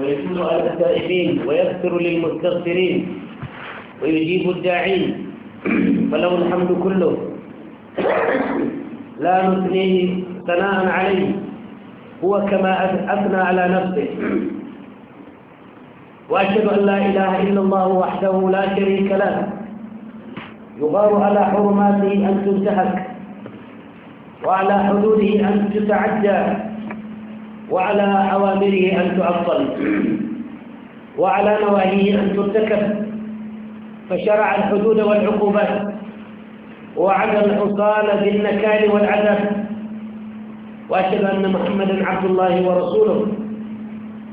ويكون على السائحين ويغفر للمستغفرين ويجيب الداعين فله الحمد كله لا نثنيه ثناء عليه هو كما أثنى على نفسه وأشهد أن لا إله إلا الله وحده لا شريك له يغار على حرماته أن تنتهك وعلى حدوده أن تتعدى وعلى أوامره أن تعطل وعلى نواهيه أن ترتكب فشرع الحدود والعقوبات وعلى الحصان بالنكال والعذاب وأشهد أن محمدا عبد الله ورسوله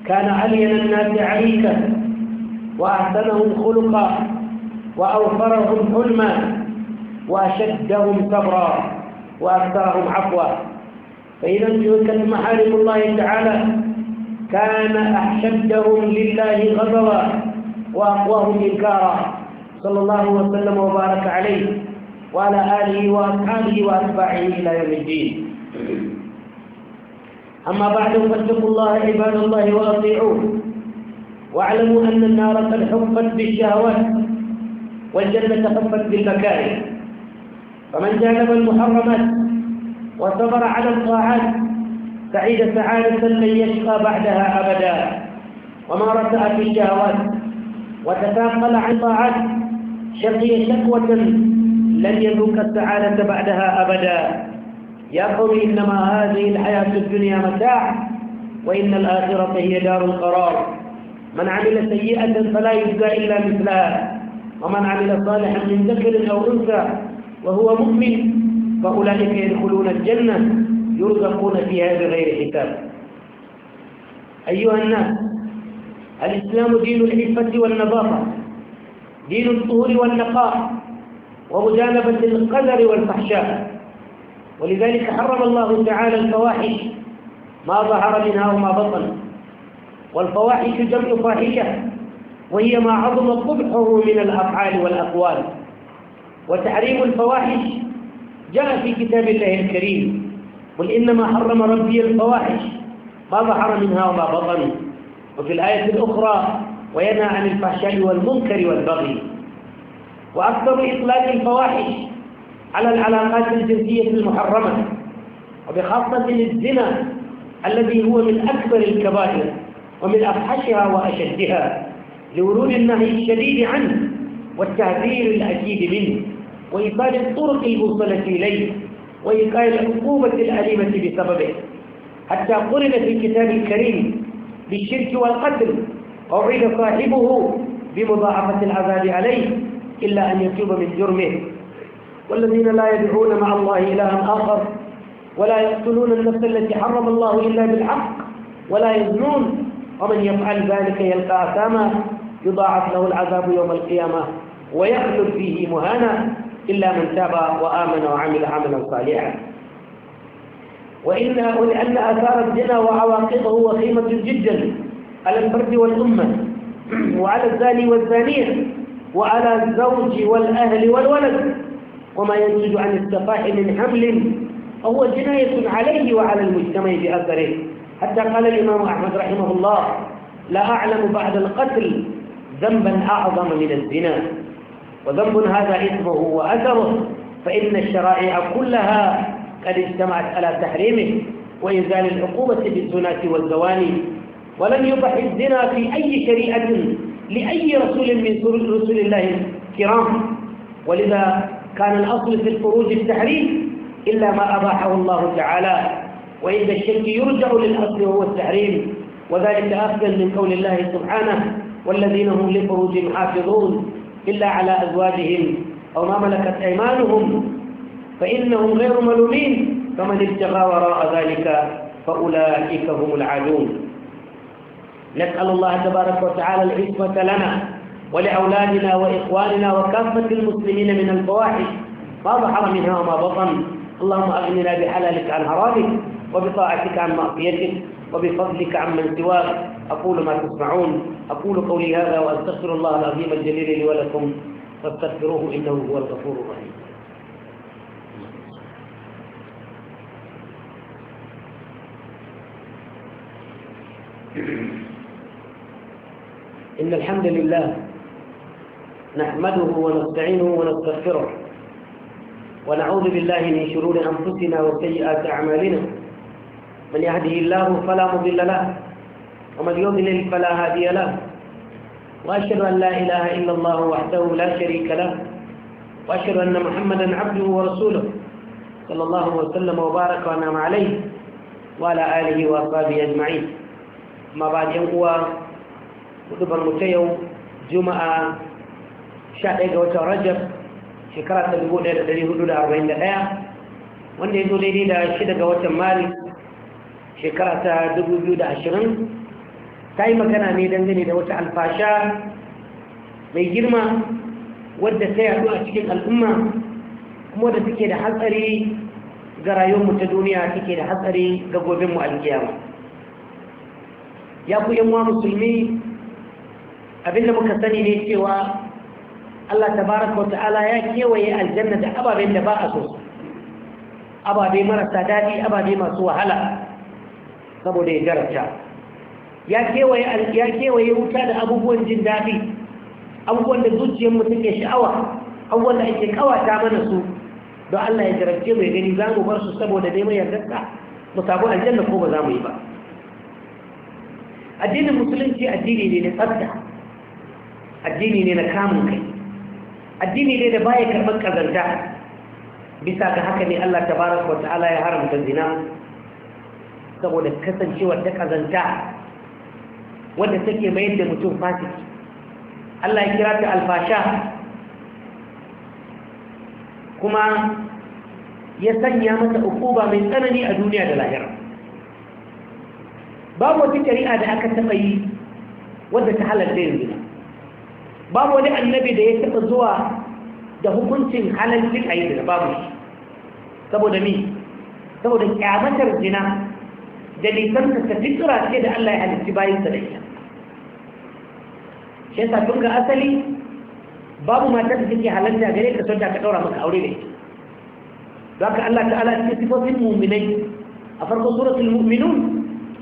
كان علينا الناس عليكا وأحسنهم خلقا وأوفرهم حلما وأشدهم صبرا وأكثرهم عفوا فإذا تلك محارم الله تعالى كان أحشدهم لله غضبا وأقواهم إنكارا صلى الله وسلم وبارك عليه وعلى آله وأصحابه وأتباعه إلى يوم الدين أما بعد فاتقوا الله عباد الله وأطيعوه واعلموا أن النار قد حفت بالشهوات والجنة حفت بالمكاره فمن جانب المحرمات وصبر على الطاعات سعيد سعادة لن يشقى بعدها أبدا ومارس في الشهوات وتثاقل عن طاعات شقي شكوة لن يذوق السعادة بعدها أبدا يا قوم إنما هذه الحياة الدنيا متاع وإن الآخرة هي دار القرار من عمل سيئة فلا يجزى إلا مثلها ومن عمل صالحا من ذكر أو أنثى وهو مؤمن فأولئك يدخلون الجنة يرزقون فيها بغير حساب أيها الناس الإسلام دين العفة والنظافة دين الطهور والنقاء ومجانبة القدر والفحشاء ولذلك حرم الله تعالى الفواحش ما ظهر منها وما بطن والفواحش جمع فاحشة وهي ما عظم قبحه من الأفعال والأقوال وتحريم الفواحش جاء في كتاب الله الكريم قل إنما حرم ربي الفواحش ما ظهر منها وما بطن وفي الآية الأخرى وينهى عن الفحشاء والمنكر والبغي وأكثر إطلاق الفواحش على العلاقات الجنسية المحرمة وبخاصة الزنا الذي هو من أكبر الكبائر ومن أفحشها وأشدها لورود النهي الشديد عنه والتهذير الأكيد منه وإيصال الطرق الموصلة إليه وإيقاع العقوبة الأليمة بسببه حتى قرن في الكتاب الكريم بالشرك والقتل أوعد صاحبه بمضاعفة العذاب عليه إلا أن يتوب من جرمه والذين لا يدعون مع الله إلها آخر ولا يقتلون النفس التي حرم الله إلا بالحق ولا يزنون ومن يفعل ذلك يلقى أثاما يضاعف له العذاب يوم القيامة ويخلد فيه مهانا إلا من تاب وآمن وعمل عملا صالحا وإن لأن آثار الزنا وعواقبه وخيمة جدا على الفرد والأمة وعلى الزاني والزانية وعلى الزوج والأهل والولد وما ينتج عن السفاح من حمل هو جناية عليه وعلى المجتمع بأثره حتى قال الإمام أحمد رحمه الله لا أعلم بعد القتل ذنبا أعظم من الزنا وذنب هذا إثمه وأثره فإن الشرائع كلها قد اجتمعت على تحريمه وإنزال العقوبة بالزنا والزواني ولم يبح الزنا في أي شريعة لأي رسول من رسل الله الكرام ولذا كان الأصل في الخروج التحريم إلا ما أباحه الله تعالى وإذا الشرك يرجع للأصل وهو التحريم وذلك أفضل من قول الله سبحانه والذين هم لفروج حافظون إلا على أزواجهم أو ما ملكت أيمانهم فإنهم غير ملومين فمن ابتغى وراء ذلك فأولئك هم العادون نسأل الله تبارك وتعالى العصمة لنا ولأولادنا وإخواننا وكافة المسلمين من الفواحش ما ظهر منها وما بطن اللهم أغننا بحلالك عن حرامك وبطاعتك عن معصيتك وبفضلك عمن سواك أقول ما تسمعون أقول قولي هذا وأستغفر الله العظيم الجليل لي ولكم فاستغفروه إنه هو الغفور الرحيم إن الحمد لله نحمده ونستعينه ونستغفره ونعوذ بالله من شرور أنفسنا وسيئات أعمالنا من يهده الله فلا مضل له ومن يضلل فلا هادي له وأشهد أن لا إله إلا الله وحده لا شريك له وأشهد أن محمدا عبده ورسوله صلى الله وسلم وبارك وأنعم عليه وعلى آله وأصحابه أجمعين ما بعد ينقوى كتب المتيو جمعة شهر رجب shekara ta 1441 wanda ya zo daidai da shida ga watan maris shekara ta 2020 ta yi magana ne dangane da wata alfasha mai girma wadda ta yaɗu a cikin al'umma kuma da take da hatsari ga rayuwarmu ta duniya take da hatsari ga gobinmu alkiyama ya ku yanwa musulmi abinda muka sani ne cewa Allah tabaraka wa ta'ala ya kewaye aljanna da ababen da ba a so ababe marasa daɗi ababe masu wahala saboda ya jarabta ya kewaye wuta da abubuwan jin daɗi abubuwan da zuciyar mutum ke sha'awa abubuwan da ake kawata mana su don Allah ya jarabce mai gani za mu bar su saboda dai mai yardarsa mu sabu aljanna ko ba za mu yi ba addinin musulunci addini ne na tsafta addini ne na kamun kai addini ne da baya karɓar kazanta, bisa ga haka ne Allah tabaraka wa ta'ala ya haramta zina saboda kasancewar ta kazanta wadda take mayar da mutum fasiki Allah ya kira ta alfasha kuma ya sanya mata ukuba mai tsanani a duniya da lahira babu wata shari'a da aka taɓa yi wadda ta halarta yanzu babu wani annabi da ya taɓa zuwa da hukuncin halarci a yi zina babu shi saboda mi saboda kyamatar jina. da nisan ta fikira ce da Allah ya halitti bayan sa da ita shi yasa tun ga asali babu matar da take halarta gare ka son ta ka daura maka aure da ita don haka Allah ta'ala cikin sifofin mu'minai a farkon suratul mu'minun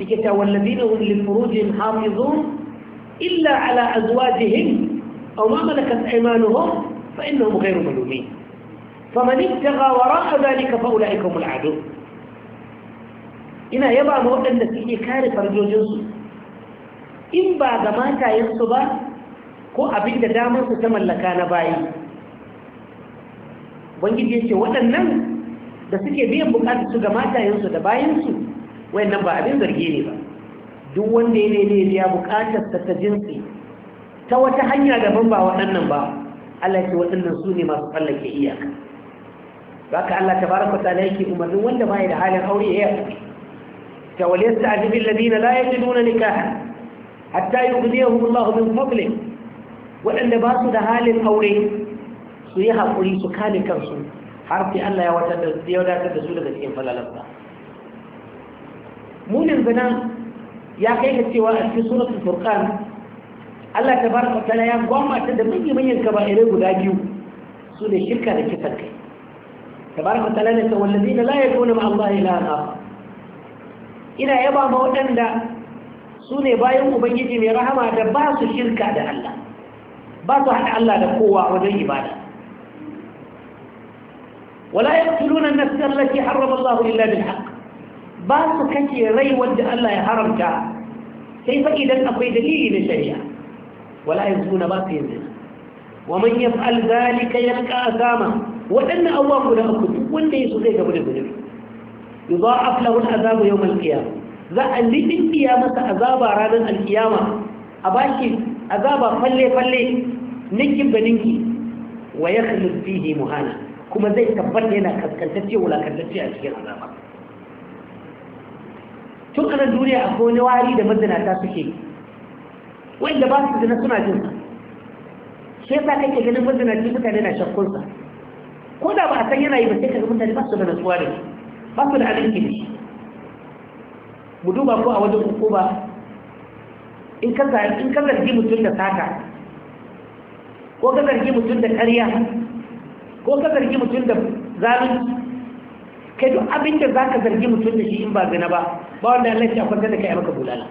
yake ta wallazina hum lil furujihim hafizun illa ala azwajihim aw ma malakat aymanuhum fa innahum ghayru malumin faman ibtagha wara'a dhalika fa ulaika hum al ina yaba ma waɗanda suke kare farjojinsu in ba ga matayensu ba ko abin da damarsu ta mallaka na bayi wangiji ya ce waɗannan da suke biyan buƙatar su ga matayensu da bayansu wayannan ba abin zargi ne ba duk wanda ya ne biya bukatar ta ta jinsi ta wata hanya daban ba waɗannan ba Allah ce waɗannan su ne masu tsallake iyaka ba ka Allah ta baraka ta yake umarnin wanda ba da halin aure ya yi وليستعجب الذين لا يجدون نكاحا حتى يغنيهم الله من فضله waɗanda ba su da halin aure su yi haƙuri su kame kansu har fi Allah ya wadatar da su daga cikin falalarsa munin zina ya kai ga cewa a cikin suratul furqan Allah ta baraka ta ya gwamnati da manyan manyan kaba'irai guda biyu su ne shirka da kisan kai tabaraka ta lana ta la ma ina yaba ma waɗanda su ne bayan ubangiji mai rahama da ba su shirka da Allah ba su haɗa Allah da kowa wajen ibada wala yaqtuluna an-nafs allati harrama Allah illa bil haqq ba su kace rai wanda Allah ya haramta sai fa idan akwai dalili na shari'a wala yazuna ba su yanzu wa man yaf'al dhalika yalqa asama waɗannan abubuwa guda uku duk wanda yaso zai gaba da zunubi يضاعف له العذاب يوم al ذا za a lidin masa azaba ranar al عذاب a bashi azaba falle falle ninkin da ninki wa yakhlud fihi muhana kuma zai tabbata yana a cikin tun anan duniya akwai wani wari da mazinata suke wanda ba su zina suna jinsa shi yasa kake ganin mazinaci mutane na shakkunsa ko da ba a san yana yi ba sai kaga mutane ba su da da ba su da abinci ne mu duba ko a wajen ba? in ka zargi mutum da sata ko ka zargi mutum da ƙarya ko ka zargi mutum da zalunci kai duk abin da za ka zargi mutum da shi in ba zina ba ba wanda ya lafi akwai da kai maka bulala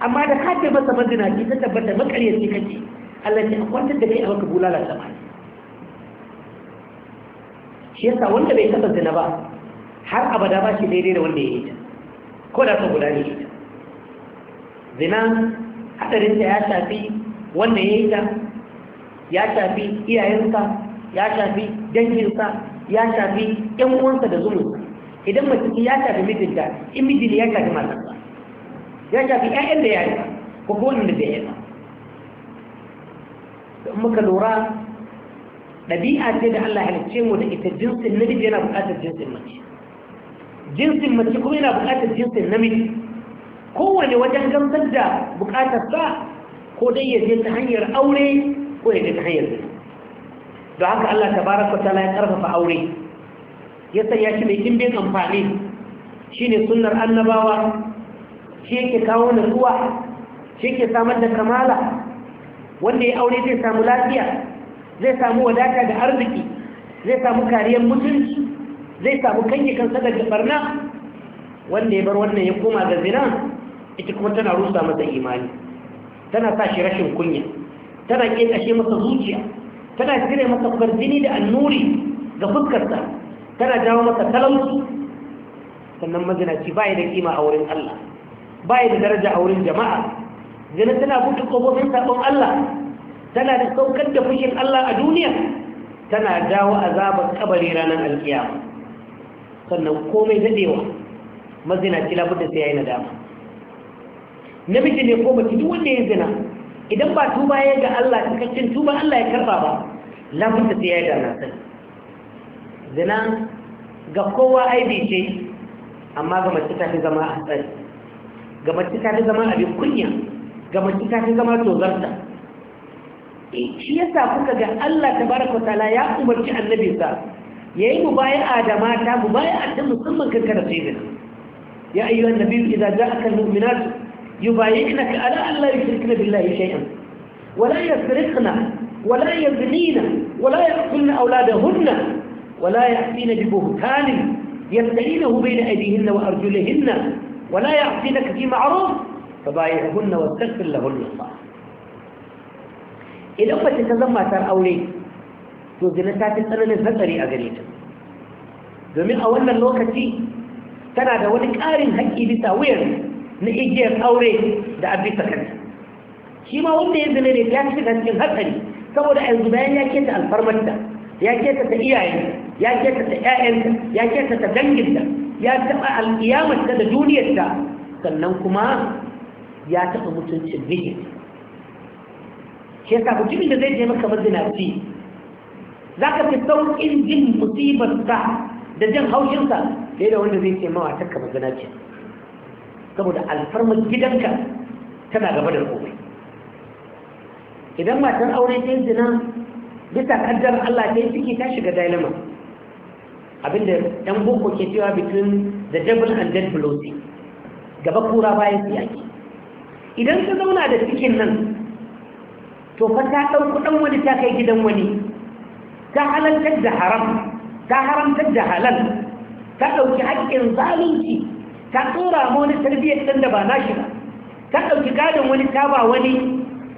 amma da ka ce masa mazina ki ta tabbata ce kake Allah ce akwai da kai maka bulala sama shi yasa wanda bai taɓa zina ba har abada ba shi daidai da wanda ya yi ta ko da ka guda ne ta. zina ta ya shafi wanda ya yi ta ya shafi iyayensa ya shafi danginsa ya shafi yan uwansa da zumunsa idan mace ya shafi mijinta in mijin ya shafi matarsa ya shafi ƴaƴan da ya yi ko ko da ya yi in muka lura ɗabi'a ce da Allah halicce mu da ita jinsin namiji yana buƙatar jinsin mace jinsin mace kuma yana bukatar jinsin namiji kowane wajen gamsar da buƙatar sa ko dai ya je ta hanyar aure ko ya je ta hanyar zai don haka Allah tabaraka ta'ala ya karfafa aure ya sanya shi mai dimbin amfani ne sunnar annabawa shi yake kawo nutsuwa shi yake samar da kamala wanda ya aure zai samu lafiya zai samu wadata da arziki zai samu kariyar mutunci zai samu kanyi kansa daga barna wanda ya bar wannan ya koma da zina ita kuma tana rusa masa imani tana sa shi rashin kunya tana ƙeƙashe masa zuciya tana cire masa kwarjini da annuri ga fuskarsa tana jawo masa talauci sannan mazinaci ba da kima a wurin Allah ba da daraja a wurin jama'a zina tana buɗe ƙofofin saƙon Allah tana da saukar da fushin Allah a duniya tana dawo azabar kabari ranar alkiyama sannan komai mazina mazinaci labudda sai ya yi nadama namiji ne ko mace duk wanda ya zina idan ba tuba ya ga Allah cikakken tuba Allah ya karba ba labudda sai ya yi dana sai zina ga kowa aibi ce amma ga mace ta fi zama a tsari ga mace ta fi zama abin kunya ga mace ta fi zama tozarta eh, shi yasa kuka ga Allah tabaraka ta'ala ya umarci annabinsa ya مبايع mubaya'a مبايع أدم mubaya'a ta سيدنا يا أيها النبي إذا جاءك المؤمنات يبايعنك ألا أن لا يشركن بالله شيئا ولا يسرقن ولا يزنين ولا يقتلن أولادهن ولا يأتين ببهتان يبتلينه بين أيديهن وأرجلهن ولا يعصينك في معروف فبايعهن واستغفر لهن الله إذا أمت تزمى أولي to zina ta fi tsananin hatsari a gare ta domin a wannan lokaci tana da wani ƙarin haƙƙi bisa wuyar na igiyar aure da abin kanta shi ma wanda ya zina ne ya fi cikin hatsari saboda a yanzu bayan ya keta alfarmarta ya keta ta iyayen ya keta ta ƴaƴanta ya keta ta danginta ya taɓa alƙiyamarta da duniyarta sannan kuma ya taɓa mutuncin mijinta shi yasa mutumin da zai je maka mazinaci za ka fi sauƙin jin musibarsa da jin haushinsa fiye da wanda zai ce mawa ta kama zana ce saboda alfarmar gidanka tana gaba da komai idan matan aure ta yi zina bisa kaddar Allah ta yi ciki ta shiga dilemma abinda ɗan boko ke cewa between the devil and dead velocity gaba kura bayan yaki idan ka zauna da cikin nan to fa ta ɗauku ɗan wani ta kai gidan wani ta halartar da haram ta haramtar da halal ta ɗauki haƙƙin zalunci ta tsora ma wani tarbiyyar ɗan da ba nashi ba ta ɗauki gadon wani ta wani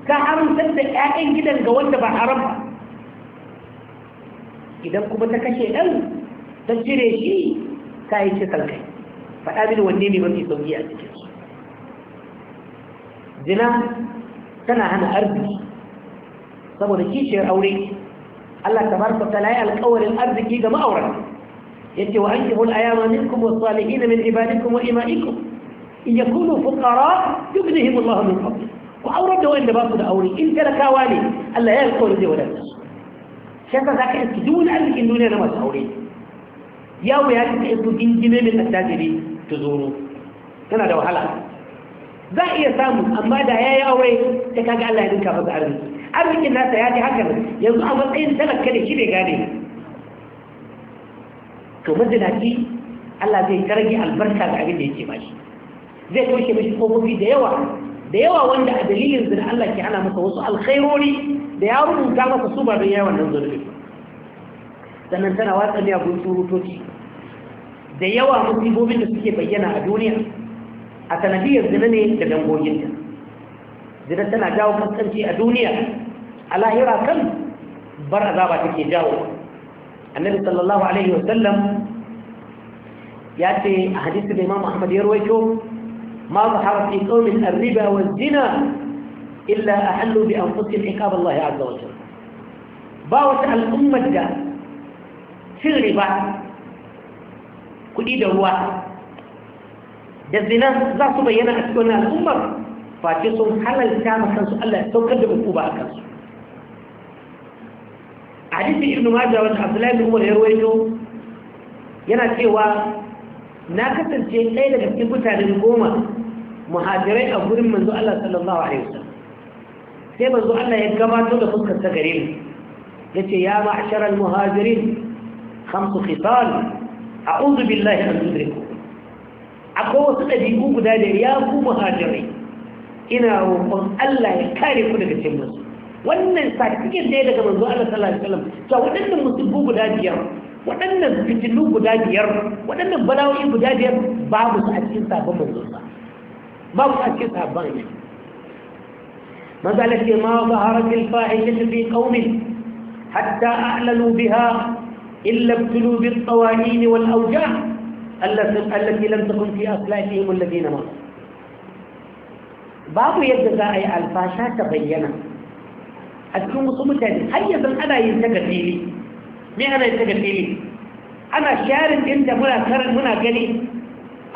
ta haramtar da 'ya'yan gidan ga wanda ba haram ba idan kuma ta kashe ɗan ta cire shi ta yi cikin kai faɗa mini wanne ne mafi sauƙi a cikin su zina tana hana arziki saboda kishiyar aure Allah tabaraka wa ta'ala ya alƙawarin arziki ga ma'aurata yace wa ankihul ayama minkum was salihin min ibadikum wa imaikum in yakunu fuqara yughnihim Allah min fadli ku aurar da wanda ba su da aure in talakawa ne Allah ya alƙawari da wadata shi yasa zaka iski duk wani arzikin duniya na masu aure yawo ya kika isko injine min attajiri ta zoro tana da wahala za a iya samu amma da ya yi aure ta kaga Allah ya dinka masa arziki arzikin nasa ya ji hakan yanzu a matsayin talaka da shi bai gane to mazinaci Allah zai tarage albarka ga abin da yake shi. zai toshe mishi kofofi da yawa da yawa wanda a dalilin zina Allah ke ana masa wasu alkhairori da ya rubuta masa su ba don yawan nan zurfi sannan tana watsa miyagun surutoci da yawa musibobin da suke bayyana a duniya a sanadiyar zina ne da dangoginta zina tana jawo kaskanci a duniya a lahira kan bar azaba take jawo annabi sallallahu alaihi wa sallam ya ce a hadisi da imam ahmad ya rawaito ma zahara fi qaumin ar-riba wa zina illa ahallu bi anfusihim iqab Allah azza wa jalla ba wata al'ummar da cin riba kuɗi da ruwa da zina za su bayyana a cikin al'ummar face sun halalta ma kansu Allah ya saukar da hukuma a kansu hadisin ibn majah wanda abdullahi bin umar ya yana cewa na kasance ɗaya daga cikin mutanen goma muhajirai a gurin manzo Allah sallallahu alaihi wasallam sai manzo Allah ya gabato da fuskar ta gare ni yace ya ma'sharal muhajirin khamsu khital a'udhu billahi an tudriku akwai wasu ɗabi'u guda da ya ku muhajirai ina roƙon Allah ya kare ku daga cikin musu wannan satifiket ne daga manzo Allah sallallahu alaihi wasallam to waɗannan musulbu guda biyar waɗannan fitilu guda biyar waɗannan bala'o'i guda biyar babu su a cikin sabon manzo ba babu su a cikin sabon ne mazalar ce ma zaharar ilfa'in fi qaumin hatta a'lalu biha إلا ابتلوا بالطواعين والأوجاع التي لم تكن في أصلافهم الذين ماتوا باب يجزاء الفاشا تبينا a cikin wasu mutane har yanzu ana yin ta ga fili me ana yin ta ga fili ana sharin din da muna karan muna gani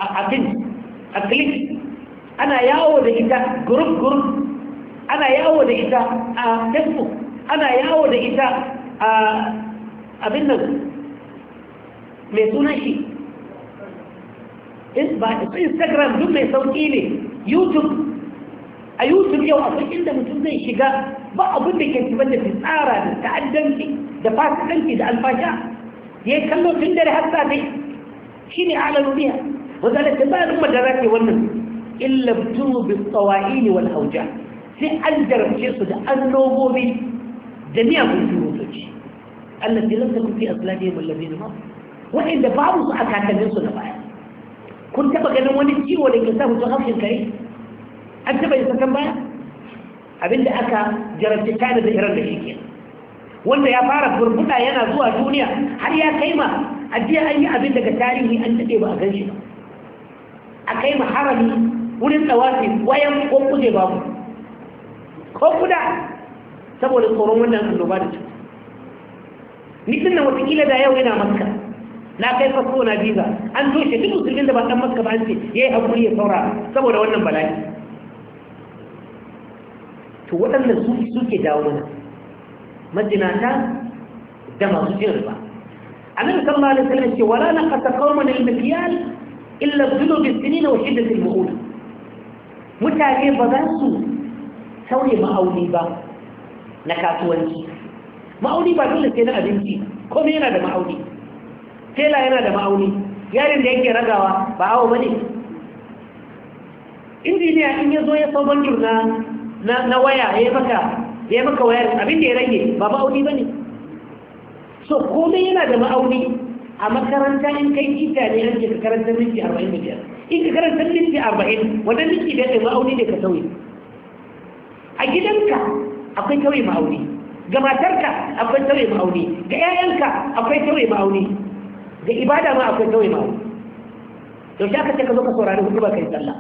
a abin a click ana yawo da ita group group ana yawo da ita a facebook ana yawo da ita a abin nan mai suna shi instagram duk mai sauƙi ne youtube a youtube yau akwai inda mutum zai shiga ba abin da ke zubar da fitsara da ta'addanci da fasikanci da alfasha ya yi kallo tun dare har safe shi ne alar duniya wanda da ta bayan umar da za wannan illa tunu bi tsawa'ili wal hauja sai an jarabce su da annobobi da miyagun turotoci Allah ya lantar kufi a tsilani ya mallabe na masu waɗanda babu su a kakanninsu na baya kun taɓa ganin wani ciwo da ke sa mutum haushin kare an taɓa yi sakan baya abinda aka jarabci china da iran da shi ke wanda ya fara burbuda yana zuwa duniya har ya kai ma a jiya an yi abin daga tarihi an daɗe ba a gan shi ba a kai ma harami wurin tsawafi wayan ko kuje mu, ko kuda saboda tsoron wannan annoba da cikin ni din nan watakila da yau yana maska na kai fasko na biza an shi duk musulmin da ba ɗan maska ba an ce ya yi haƙuri ya saura saboda wannan bala'i to waɗanda su suke dawo mana majinata da masu jin riba annabi sallallahu alaihi wasallam ce wala naqata qauman al-mikyal illa dhulu bis-sinina wa shiddat al-mu'ul mutane ba za su sauye ma'auni ba na kasuwanci ma'auni ba dole sai na abinci komai yana da ma'auni tela yana da ma'auni yarin da yake ragawa ba awo bane injiniya in ya zo ya sau banjur na na waya ya maka ya maka wayar abin da ya rage ba ma'auni ba ne so komai yana da ma'auni a makaranta in kai kita ne yanke ka karanta minti arba'in da biyar in ka karanta minti arba'in wadda minti da ma'auni ne ka sauyi a gidanka akwai kawai ma'auni ga matarka akwai kawai ma'auni ga 'ya'yanka akwai kawai ma'auni ga ibada ma akwai kawai ma'auni yaushe aka ce ka zo ka saurari hudu ba kai sallah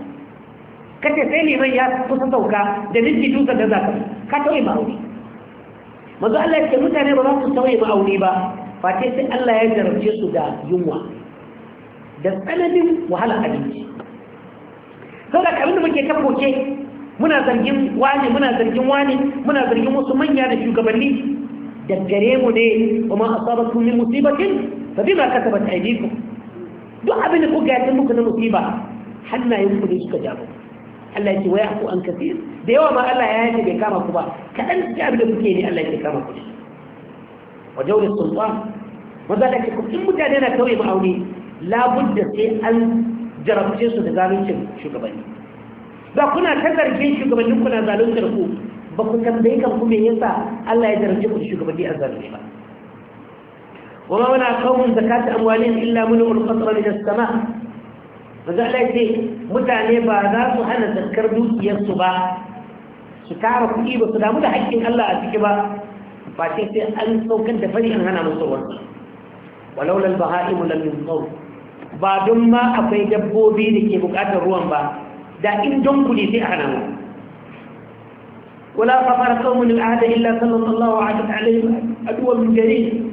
kace sai liman ya kusa sauka da minti duka da zaka ka tauye ma'auni manzo Allah ya ce mutane ba za su tauye ma'auni ba face sai Allah ya jarabce su da yunwa da tsananin wahala abinci saboda abin da muke kafoke muna zargin wani muna zargin wani muna zargin wasu manya da shugabanni da mu ne wa ma asabakum min musibatin fa bima kasabat aydikum duk abin da kuka yi muku na musiba hannayen ku ne suka jabo Allah ya ce waya ku an kafir da yawa ma Allah ya yace bai kama ku ba Kaɗan ci abin da kuke ne Allah ya kama ku ne. wa jawla sultan maza da ku in mutane na kawai ba aure labudda sai an jarabce su da zaluncin shugabanni ba kuna ta zargin shugabannin kuna zaluntar ku ba ku tambaye kan ku me yasa Allah ya jarabce ku shugabanni a zalunci ba وما منع قوم زكاة أموالهم إلا منهم القطر من sama? mazala ce mutane ba za su hana zakar dukiyarsu ba su tara kuɗi ba su damu da haƙƙin Allah a ciki ba ba sai sai an saukar da fari an hana musu wasu walau lal baha'i mu lamin tsoro ba don ma akwai dabbobi da ke buƙatar ruwan ba da in don kuɗi sai a hana mu wala kafara kawmun al'ada illa sallallahu alaihi wa aduwar mujari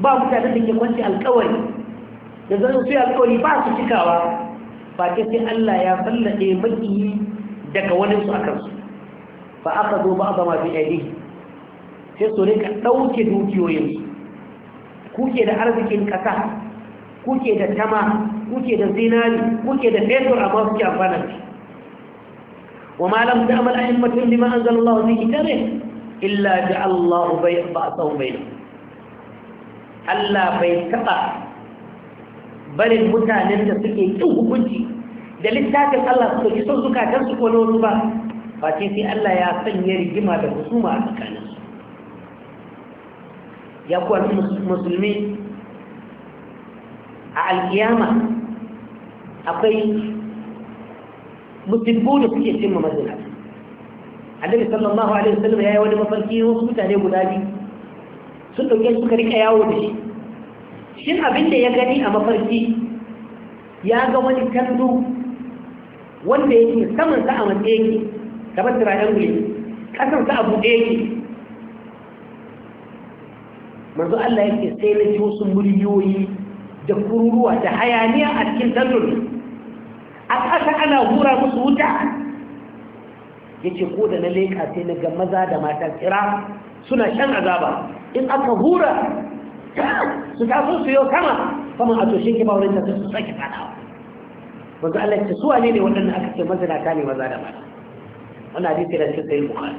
ba mutane da ke kwanci alƙawari da zan su alƙawari ba su cikawa face sai Allah ya fallade maki daga wani su akan su Ba aka zo ba ba ma fi sai su rika dauke dukiyoyin su kuke da arzikin ƙasa? kuke da tama kuke da zinari kuke da fetur amma suke amfana da wa ma lam ta'mal a'immatun bima anzala Allah fi kitabihi illa ja'ala Allah ba a ba'sahu bainahum Allah bai taɓa barin mutanen da suke kyau hukunci da littafin Allah su ɗauki son zukatan su kone wasu ba ba ce sai Allah ya sanya rigima da husuma a tsakanin su ya kuwa musulmi a alkiyama akwai musulmi da suke cimma mazina annabi sallallahu alaihi wasallam ya yi wani mafarki wasu mutane guda biyu sun ɗauke suka rika yawo da shi shin abin da ya gani a mafarki ya ga wani kandu wanda yake saman sa a matsayi yake kamar triangle kasan sa abu buɗe yake manzo Allah yake sai na ji wasu muryoyi da kururuwa da hayaniya a cikin tandur a ƙasa ana hura musu wuta yace ko da na leƙa sai na ga maza da mata kira suna shan azaba in aka hura su taso su yau kama kuma a toshe ke ba wurin ta su sake fadawa manzo Allah ya ce su wane ne waɗannan aka ce mazinata ne maza da mata wannan hadisi da cikin sahih bukhari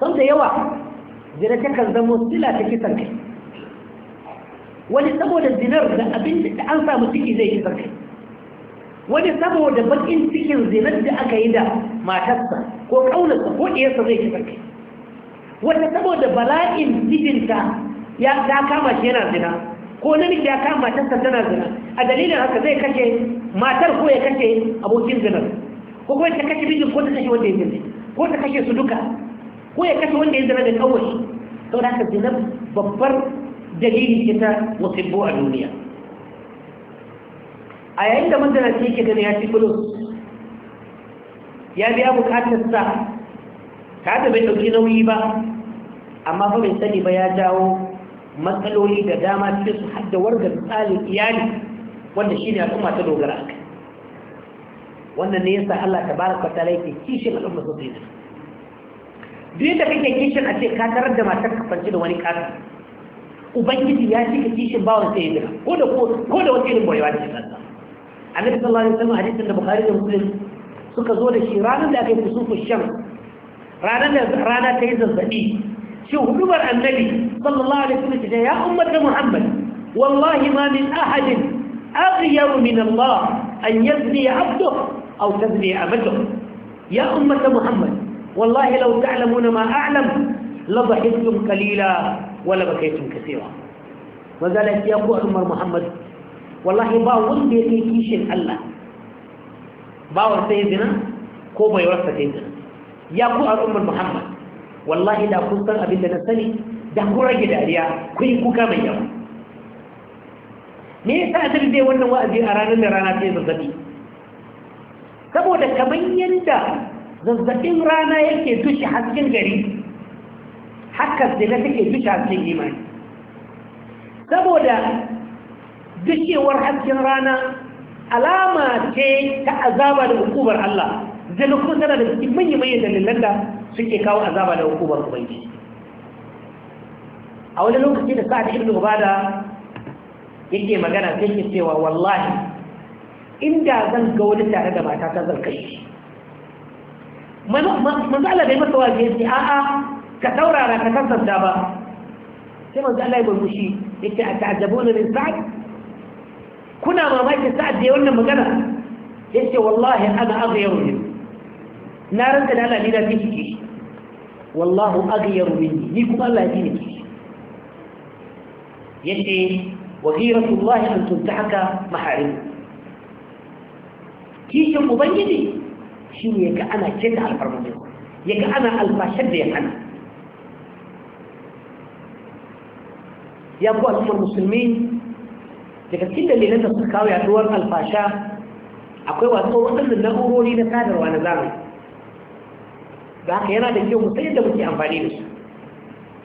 sau da yawa zina ta kan zamo sila ta kisan kai wani saboda zinar da abin da an samu ciki zai kisan kai wani saboda bakin cikin zinar da aka yi da matarsa ko ƙaunarsa ko ɗiyarsa zai kisan kai wani saboda bala'in cikinta ya kama shi yana zina ko namiji ya kama matarsa tana zina a dalilin haka zai kashe matar ko ya kashe abokin zinar ko kuma ta kashe bijin ko ta kashe wanda ya zinar ko ta kashe su duka ko ya kashe wanda ya zinar da kawai to da haka zinar babbar dalilin ita ta wasibbo a duniya a yayin da ce yake gani ya ci bulus ya biya bukatarsa ta da bai dauki nauyi ba amma fa bai sani ba ya jawo matsaloli da dama cikin su haddawar da tsalin iyali wanda shi ne al'umma ta dogara akai wannan ne yasa Allah ta tabaraka ta'ala yake kishin al'umma sosai duk da kake kishin a ce ka tarar da matar ka fanci da wani kasa ubangiji ya cika kishin bawan sai ya ko da ko da wani irin boyewa ce kansa annabi sallallahu alaihi wasallam hadisin da bukhari da muslim suka zo da shi ranar da aka yi kusufu sham ranar da rana ta yi zazzabi shi hudubar annabi sallallahu alaihi wasallam ya ummata muhammad wallahi ma min ahadin أغير من الله أن يزني عبده أو تزني عبده يا أمة محمد والله لو تعلمون ما أعلم لضحكتم قليلا ولبكيتم كثيرا وذلك يقول عمر محمد والله با wanda yake kishin Allah bawar sai zina ko bai wasa sai zina ya ku al'ummar Muhammad wallahi da kun san abin da na sani da ku rage dariya kun yi kuka mai yawa me yasa azir zai wannan wa'azi a ranar da rana sai zazzabi saboda kamar yadda zazzabin rana yake tushe hasken gari haka na take tushe hasken imani saboda dushewar hasken rana alama ce ta azaba da hukumar Allah zai kuma tana da cikin manyan manyan dalilan da suke kawo azaba da hukumar ubangiji a wani lokaci da sa'ad ibn ubada yake magana sai ke cewa wallahi inda zan ga wani tare da mata ta zan kai manzo Allah bai masa waje sai a'a ka taurara ka kasanta ba sai manzo Allah ya murmushi yake a ta'ajabuna min sa'ad kuna mamakin sa'ad da ya wannan magana yace wallahi ana aghyaru min na ranta da Allah ni na fi shi wallahu aghyaru minni ni kuma Allah ya fi ni yace وغيرة الله أن تنتحك محارمه kishin ubangiji shi ne ga ana keta alfarmamin ya ga ana alfashar da ya hana ya ku al'ummar musulmi daga cikin dalilan suka yaduwar alfasha akwai wasu waɗannan na'urori na sadarwa na zamani ba ka yana da kyau mu san yadda muke amfani da su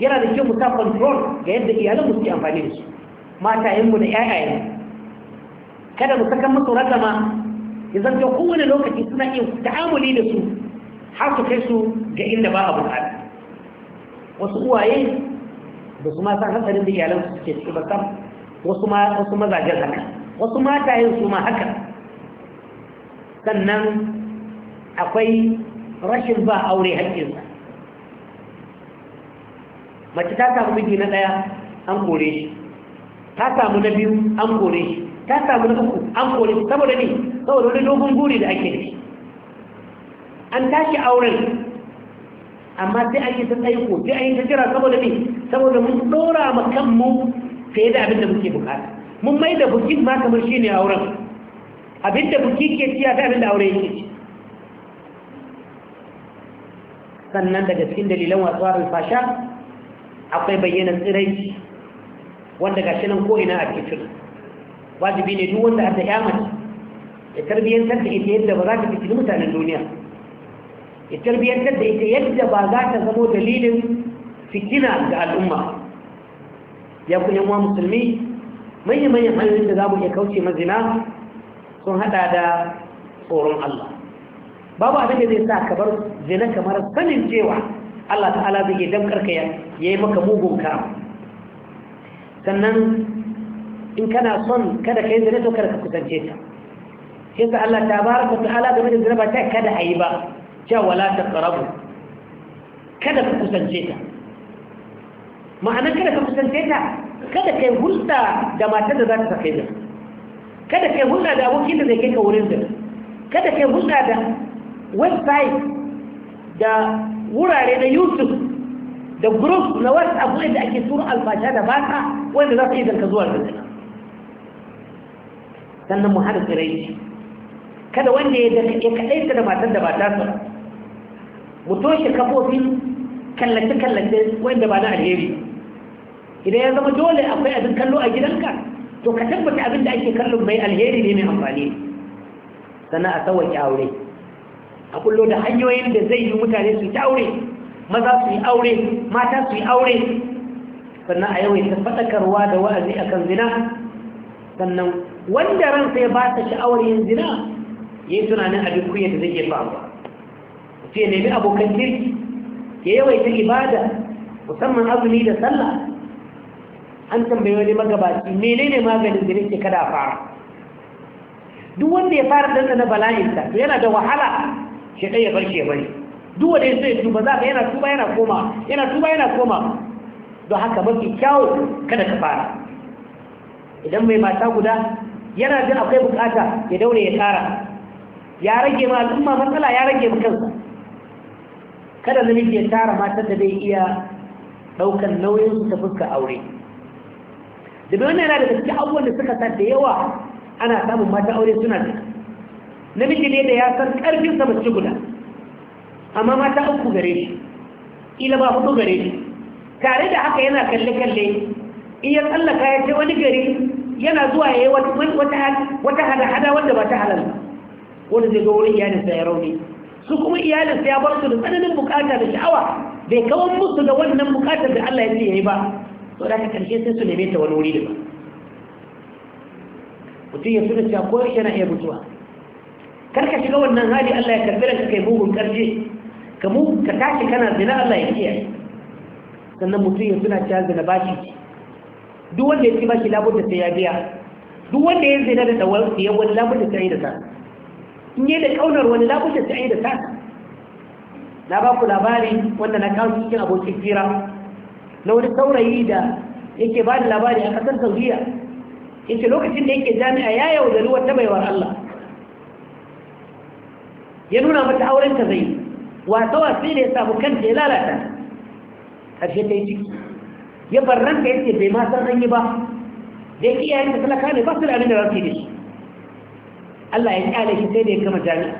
yana da kyau mu sa control ga yadda iyalan mu suke amfani da su matayenmu da ƴaƴaye kada mu saka musu ragama ya zanto kowane lokaci suna yin ta'amuli da su har su kai su ga inda ba a buƙata wasu uwaye ba su ma san hatsarin da iyalansu suke ciki ba sam wasu ma wasu mazajen haka wasu matayen su ma haka sannan akwai rashin ba aure haƙƙinsa mace ta samu miji na ɗaya an kore shi ta samu na biyu an kore shi ta samu na uku an kore shi saboda ne saboda wani dogon buri da ake da shi an tashi auren amma sai an yi ta tsaiko sai an yi ta jira saboda ne saboda mun dora ma kanmu fiye da abin da muke bukata mun mai da bukin ma kamar shi ne auren abin da buki ke ciya ta abin da aure yake ci sannan daga cikin dalilan wasu watsuwar alfasha akwai bayyana tsiraici wanda ga nan ko ina a cikin wajibi ne duk wanda da ya ya tarbiyyantar da ita yadda ba za ta fitini mutanen duniya ya tarbiyyantar da ita yadda ba za ta zamo dalilin fitina ga al'umma ya kuyan wa musulmi manya-manyan hanyoyin da za mu iya kauce mazina sun hada da tsoron Allah babu abin da zai sa ka bar zina kamar sanin cewa Allah ta'ala zai damkar ka ya yi maka mugun ka sannan in kana son kada ka yi zane to kada ka kusance ta shi sa Allah ta baraka ta ala game da zina ba ta kada a yi ba cewa wala ta karabu kada ka kusance ta ma'anar kada ka kusance ta kada ka yi hulɗa da matan da za ta sakai da kada ka yi hulɗa da abokin da zai kai ka wurin zina kada ka yi hulɗa da website da wurare na youtube da group na wasu abu da ake tura alfasha da bata wanda za su yi zarka zuwa da sannan mu hada tsirai kada wanda ya kaɗaita da matan da ba ta sa mu toshe kafofin kallace-kallace wanda ba na alheri idan ya zama dole akwai abin kallo a gidanka to ka tabbata abin da ake kallon mai alheri ne mai amfani sannan a sauwaƙe aure a kullo da hanyoyin da zai yi mutane su ta aure maza su yi aure mata su yi aure sannan a yawaita faɗakarwa da wa'azi a kan zina sannan wanda ran sai ba ta sha'awar yin zina ya yi tunanin abin kunya da zai iya faruwa ce nemi abokan ya yawaita ibada musamman azumi da sallah an tambayi wani magabaci menene maganin zina nake kada fara duk wanda ya fara danna na bala'insa to yana da wahala shi ɗaya bar shi ya bari duk wanda zai tuba za ka yana tuba yana koma yana tuba yana koma don haka mafi kyawu kada ka fara idan mai mata guda yana jin akwai bukata ya daure ya tsara ya rage ma al'umma matsala ya rage kansa kada namiji ya tara matar da zai iya daukan nauyin su ta fuska aure da bai wannan yana da cikin abubuwan da suka sa da yawa ana samun mata aure suna da namiji ne da ya san karfin sa mace guda amma mata uku gare shi ila ba hudu gare shi tare da haka yana kalle-kalle iya tsallaka ya ce wani gari yana zuwa ya yi wata hada-hada wanda ba ta halal wanda zai ga wurin iyalinsa ya rauni su kuma iyalinsa ya bar su da tsananin bukata da sha'awa bai kawar musu da wannan bukatar da Allah ya ce ya yi ba to da ka karshe sai su neme ta wani wuri da ba mutum ya suna cewa ko yana iya mutuwa kar ka shiga wannan hali Allah ya karbi ranka kai mugun karshe kamu ka tashi kana zina Allah ya kiyaye sannan mutum ya suna cewa zina bashi duk wanda ya ci bashi labuta sai ya biya duk wanda ya zina da dawar ya wani labuta sai da ta in yi da kaunar wani labuta sai da ta na ba ku labari wanda na kawo cikin abokin fira na wani saurayi da yake ba da labari a kasar saudiya yace lokacin da yake jami'a ya da ruwan tabaiwar Allah ya nuna mata auren ta zai wasa wasi da ya samu kanta ya lalata ƙarshe ta yi ciki ya barran ka yace bai ma san an yi ba da iyayen da talaka ne ba su da abin da za su yi da shi Allah ya kyale shi sai da ya kama jami'a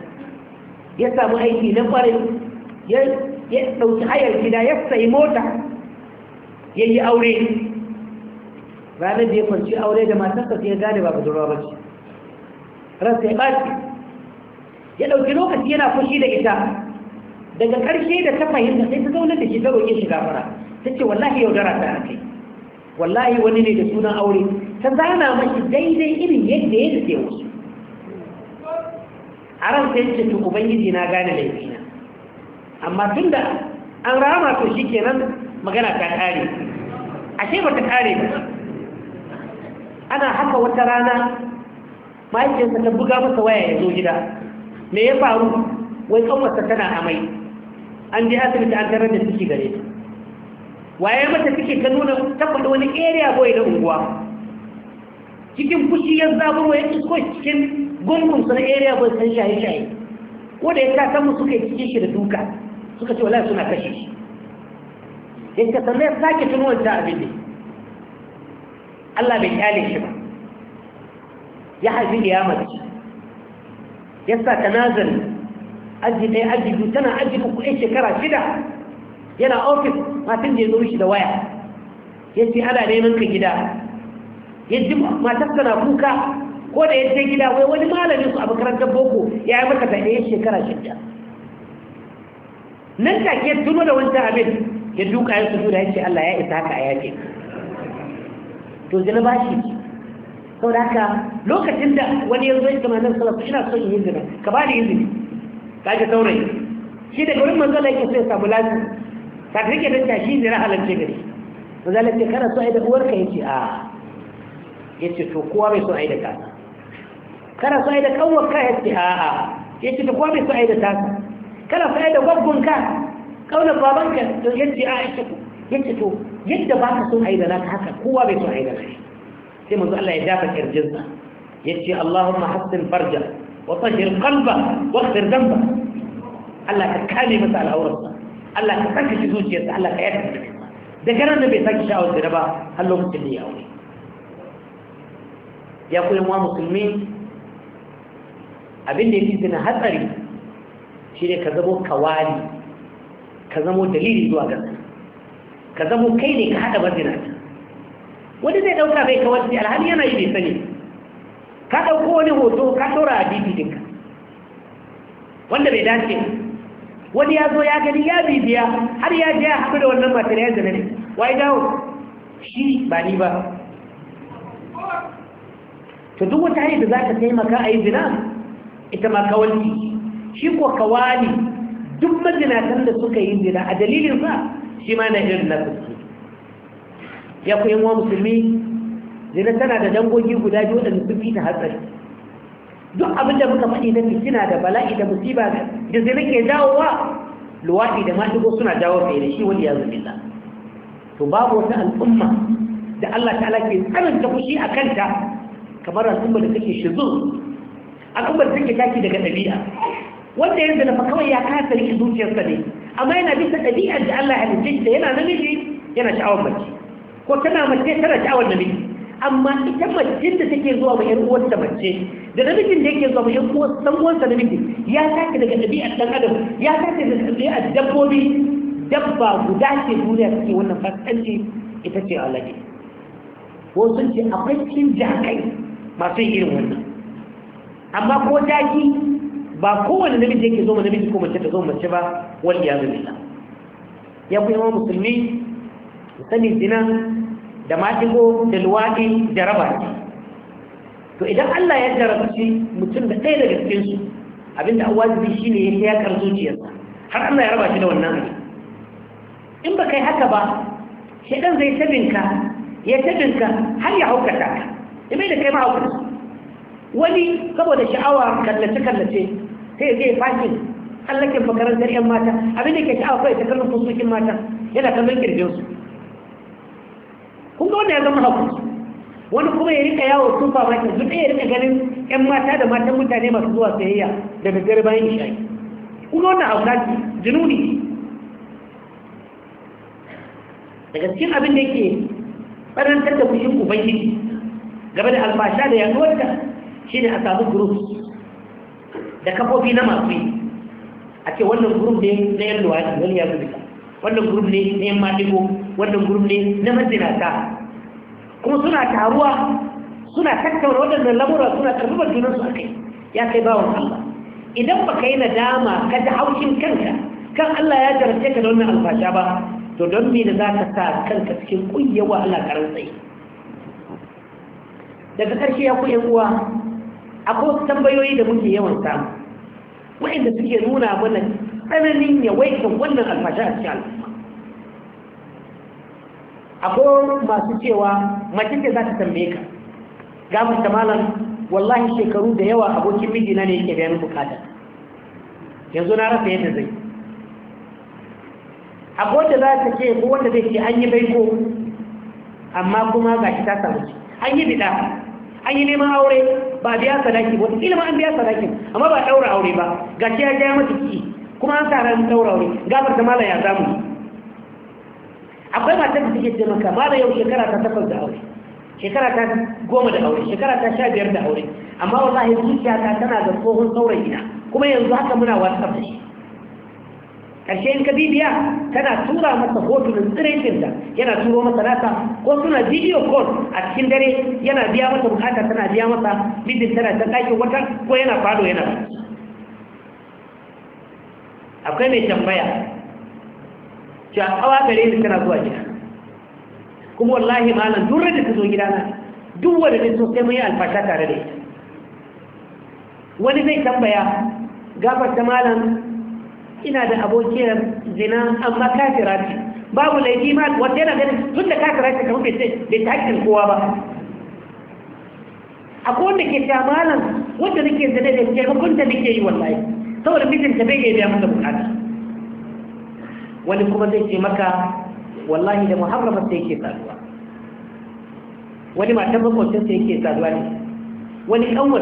ya samu aiki na kwarai ya ɗauki hayar gida ya sayi mota ya yi aure ranar da ya kwanci aure da matarsa sai ya gane ba budurwa ba ce ransa ya ɓaci ya ɗauki lokaci yana fushi da ita daga ƙarshe da ta fahimta sai ta zaune da shi ta roƙe shi gafara ta ce wallahi yaudara ta ake wallahi wani ne da sunan aure ta zana mashi daidai irin yadda ya da wasu a ran sai ce to ubangiji na gane laifina amma tun da an rama to shi kenan magana ta ƙare ashe ba ta ƙare ba ana haka wata rana mahaifiyarsa ta buga masa waya ya zo gida me ya faru wai kanwarsa tana amai an je asibiti an tarar da suke gare ta waye mata suke ta nuna tabbata wani area boy na unguwa cikin fushi ya zaburwa ya isko cikin gungun su na area boy san shaye shaye ko da ya ta mu suka yi cikin shi da duka suka ce wallahi suna kashe shi yadda sannan ya sake tuno ta abin ne Allah bai kyale shi ba ya haifi da ya mace ya sa tanazari aji ɗaya aji biyu tana aji uku ɗaya shekara shida yana ofis matan da ya zo shi da waya ya ce ana neman ka gida ya ji matarsa na kuka ko da ya je gida wai wani malamin su a makarantar boko ya yi maka zaɓe ya shekara shida nan ta ke tuno da wancan abin ya duka ya su da ya ce Allah ya isa haka a yaƙi to zina ba shi sau da haka lokacin da wani yanzu ya kama nan salaf ina son yin zina ka ba da izini kaji saurayi shi da gurin manzo Allah yake so ya samu lafi ka rike da tashi zira halalce gari manzo Allah yake kana so ai da uwarka yace a yace to kowa bai so ai da ka kana so ai da kawwar ka yace a a yace to kowa bai so ai da ta kana so ai da gwaggun ka kauna babanka to yace a yace to yace to yadda ba ka so ai da naka haka kowa bai so ai da kai sai manzo Allah ya dafa kirjinsa yace Allahumma hassin farja وطهر قلبه واغفر ذنبه الله كالي مثل الأورثة الله كتاكش زوجيته الله كيكتك da garan da bai sake sha'awar zina ba har lokacin da ya aure ya musulmi abin da ya fi hatsari shine ka zamo kawali ka zamo dalili zuwa gasa ka zamo kai ne ka haɗa bazina wani zai ɗauka bai kawar sai alhali yana yi bai sani ka ɗauko wani hoto ka ɗora a dvd ka wanda bai dace wani ya zo ya gani ya bibiya har ya je ya haɗu da wannan matar da ne wai dawo shi ba ni ba to duk wata hanyar da za ka taimaka a yi zina ita ma kawalci shi ko kawali duk majinatan da suka yi zina a dalilin sa shi ma na irin na ya kuyi wa musulmi zina tana da dangogi guda biyu da sun fita hatsari duk abin da muka faɗi na fitina da bala'i da musiba da zina ke dawowa luwaɗi da mashigo suna dawo fiye da shi wani ya zubi to babu wata al'umma da Allah ta'ala ke tsananta fushi a kanta kamar al'umma da take shizu al'umma da take taki daga ɗabi'a wanda yanzu na fa kawai ya kasa rike zuciyarsa ne amma yana bisa ɗabi'ar da Allah ya halitta da yana namiji yana sha'awar mace ko tana mace tana sha'awar namiji amma ita mace da take zuwa ma yan uwarta mace da namijin da yake zuwa ma yan uwar san uwarsa namiji ya tashi daga ɗabi'ar ɗan adam ya tashi daga ɗabi'ar dabbobi dabba guda ce duniya take wannan fasikanci ita ce alade ko sun ce akwai cikin jakai masu irin wannan amma ko jaki ba kowane namiji yake zo ma namiji ko mace ta zo mace ba wal ya zama ya ku yawan musulmi sani zina da matigo da luwaɗi da raba to idan Allah ya jarabci mutum da ɗaya daga cikinsu abinda an wajibi shi ne ya yakar zuciyarsa har Allah ya raba shi da wannan abu in ba kai haka ba shaidan zai tabinka ya tabinka har ya haukata ka ibai da kai ma haukata wani saboda sha'awa kallace kallace sai zai fashin allakin makarantar 'yan mata da ke sha'awa kawai ta kallon fuskokin mata yana kallon kirjinsu kun ga wanda ya zama haku wani kuma ya rika yawo sun mai ki duk ya rika ganin yan mata da matan mutane masu zuwa sayayya daga dare bayan isha'i kun ga wannan abu naki jinuni daga cikin abin da yake ɓarantar da fushin ubangiji game da alfasha da yaduwarta shi ne a samu groups da kafofi na masu yi a ce wannan group ne na yan luwadi wani ya rubuta wannan group ne na yan maɗigo wannan gurin ne na mazinata kuma suna taruwa suna tattauna waɗannan lamura suna karɓar junansu a kai ya kai bawon Allah idan baka yi nadama ka ji haushin kanka kan Allah ya jarabce ka da wannan alfasha ba to don me da za ka sa kanka cikin wa Allah karan tsaye daga ƙarshe ya kuɗe uwa akwai wasu tambayoyi da muke yawan samu wa'inda suke nuna mana tsananin yawaitan wannan alfasha a cikin al'umma akwai masu cewa macin da za ta tambaye ka ga mace malam wallahi shekaru da yawa abokin mijina ne yake bayan bukata yanzu na rasa yadda zai akwai wanda za ta ce ko wanda zai ce an yi baiko amma kuma ga shi ta samu an yi bida an yi neman aure ba biya sadaki wata ilimin an biya sadaki amma ba daura aure ba ga shi ya ja mata ki kuma an sa ran daura aure gabar ta malam ya zamu akwai matar da take taimaka ma da yau shekara ta takwas da aure shekara ta goma da aure shekara ta sha biyar da aure amma wallahi zuciya ta tana da tsohon saurayi na kuma yanzu haka muna whatsapp da shi karshe in kabibiya tana tura masa hotunan da yana turo masa nata ko suna video call a cikin dare yana biya masa bukata tana biya masa mijin tana ta ɗakin wata ko yana fado yana akwai mai tambaya cewa hawa gare ni tana zuwa gida kuma wallahi malam duk da ta zo gida na duk wanda ne so sai mun yi alfasha tare da ita wani zai tambaya gafar ta malam ina da abokiyar zina amma kafira ce babu laifi ma wanda yana ganin tun da kafira ce kamar bai bai takin kowa ba akwai wanda ke ta malam wanda nake zane da ke da nake yi wallahi saboda mijinta bai yi biya masa bukata wani kuma zai ce maka wallahi da muharrafa sai yake saduwa wani matan makwacin sai yake saduwa ne wani kanwar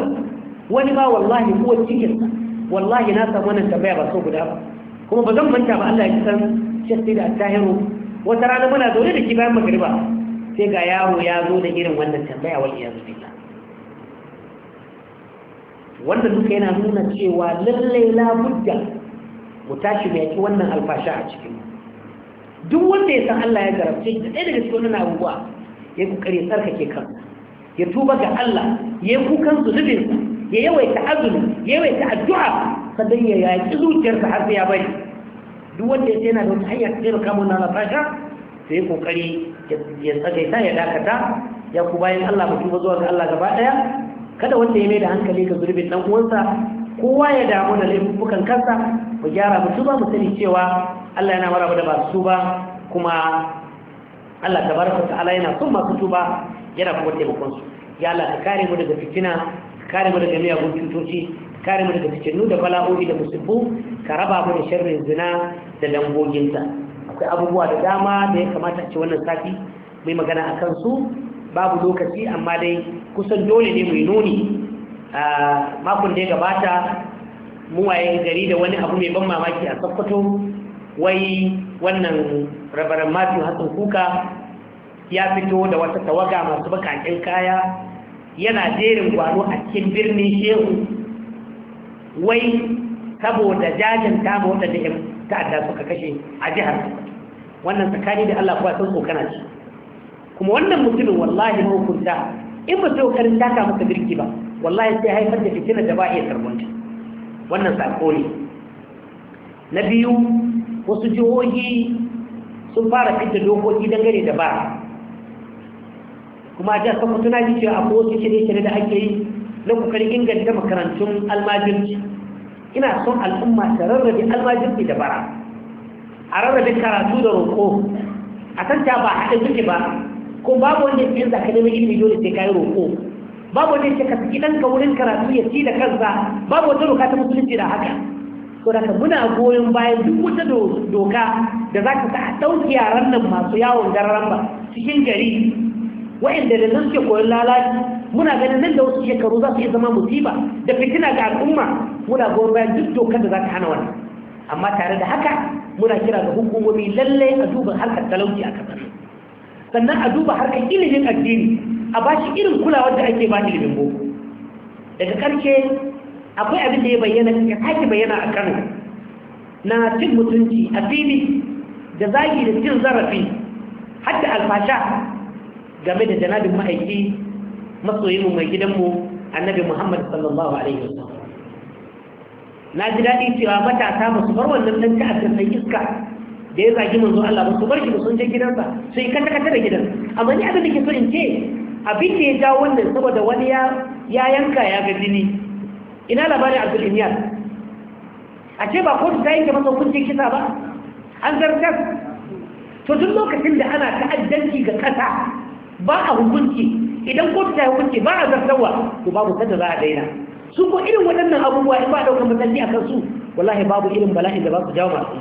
wani ba wallahi ko cikin wallahi na samu wannan tambaya ba so guda ba kuma ba zan manta ba Allah ya san shasti da tahiru wata rana muna zaune da shi bayan magriba sai ga yaro ya zo da irin wannan tambaya wal iyazu billah wanda duka yana nuna cewa lallai budda mu tashi mu yaki wannan alfasha a cikin duk wanda ya san Allah ya garabce da ɗaya daga cikin wannan abubuwa ya yi kokari ya tsarkake kansa ya tuba ga Allah ya yi kukan zunubin, ya yawaita azumi ya yawaita addu'a sannan ya yaƙi zuciyarsa har sai ya bari duk wanda ya yana da wata hanya ta taimaka mun na fasha to ya kokari ya tsagaita ya dakata ya ku bayan Allah mu tuba zuwa ga Allah gaba ɗaya kada wanda ya mai da hankali ga zunubin ɗan uwansa kowa ya damu da laifukan kansa mu gyara mu tuba mu sani cewa Allah yana maraba da masu tuba kuma Allah tabaraka ta'ala yana son masu tuba yana kuma taimakon su ya Allah ka kare mu daga fitina ka kare mu daga miyagun cutoci ka kare mu daga fitinu da bala'o'i da musibbu ka raba mu da sharrin zina da dangoginta akwai abubuwa da dama da ya kamata a ce wannan sati mai magana akan su babu lokaci amma dai kusan dole ne mu nuni makon da ya gabata muwaye gari da wani abu mai ban mamaki a sakkwato wai wannan rabaran mafi hatsin kuka ya fito da wata tawaga masu bakakin kaya yana jerin gwano a cikin birnin shehu wai saboda jajin kama waɗanda ya ta'adda suka kashe a jihar wannan tsakani da Allah kuwa sun tsokana ce kuma wannan mutumin wallahi mahukunta in ba sai taka masa birki ba wallahi sai haifar da fitina da ba a iya tarbunta wannan sako ne na biyu wasu jihohi sun fara fita dokoki dangane da ba kuma a jasa kuma tuna cewa a kowace shirye-shirye da ake yi na kokarin inganta makarantun almajirci ina son al'umma ta rarrabe almajirci da bara a rarrabe karatu da roƙo a san ta ba haɗe suke ba ko babu wanda ya fi yin zakarai mai ilimi dole sai kayi roƙo babu wanda yake ka ɗanka wurin karatu ya ci da kansa babu wata doka ta musulunci da haka to daga muna goyon bayan duk wata doka da za ka sa a ɗauki yaran nan masu yawon gararan ba cikin gari wa'inda da nan suke koyon lalaci muna ganin nan da wasu shekaru za su iya zama musiba da fitina ga al'umma muna goyon bayan duk dokar da za ta hana wannan amma tare da haka muna kira ga hukumomi lallai a duba harkar talauci a kasar sannan a duba harkar ilimin addini a ba shi irin kulawar da ake ba ilimin boko daga karshe akwai abin da ya bayyana ya sake bayyana a kano na cin mutunci a fili da zagi da cin zarafi har da alfasha game da janabin ma'aiki mu mai gidanmu annabi muhammad sallallahu alaihi wasallam na ji daɗi cewa matasa masu bar wannan ɗan a sai iska da ya zagi manzo Allah ba su bar shi ba sun je gidansa sai kata kata da gidan amma ni abin da ke so in ce abin da ya ja wannan saboda wani ya yanka ya ga jini ina labarin abdul iniyar a ce ba kotu ta yanke masa hukuncin kisa ba an zartar to duk lokacin da ana ta'addanci ga kasa ba a hukunci idan kotu ta hukunci ba a zartarwa to babu sanda za a daina su ko irin waɗannan abubuwa in ba a ɗaukar matsalli a kansu wallahi babu irin bala'in da ba su jawo masu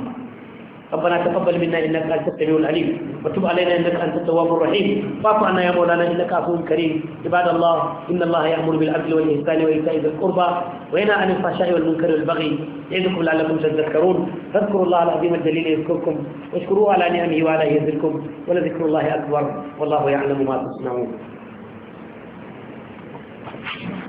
ربنا تقبل منا انك انت السميع العليم وتب علينا انك انت التواب الرحيم واعف عنا يا مولانا انك عفو كريم عباد الله ان الله يامر بالعدل والاحسان وايتاء ذي القربى وينهى عن الفحشاء والمنكر والبغي يعظكم لعلكم تذكرون فاذكروا الله العظيم الجليل يذكركم واشكروه على نعمه وعلى يذكركم ولذكر الله اكبر والله يعلم ما تصنعون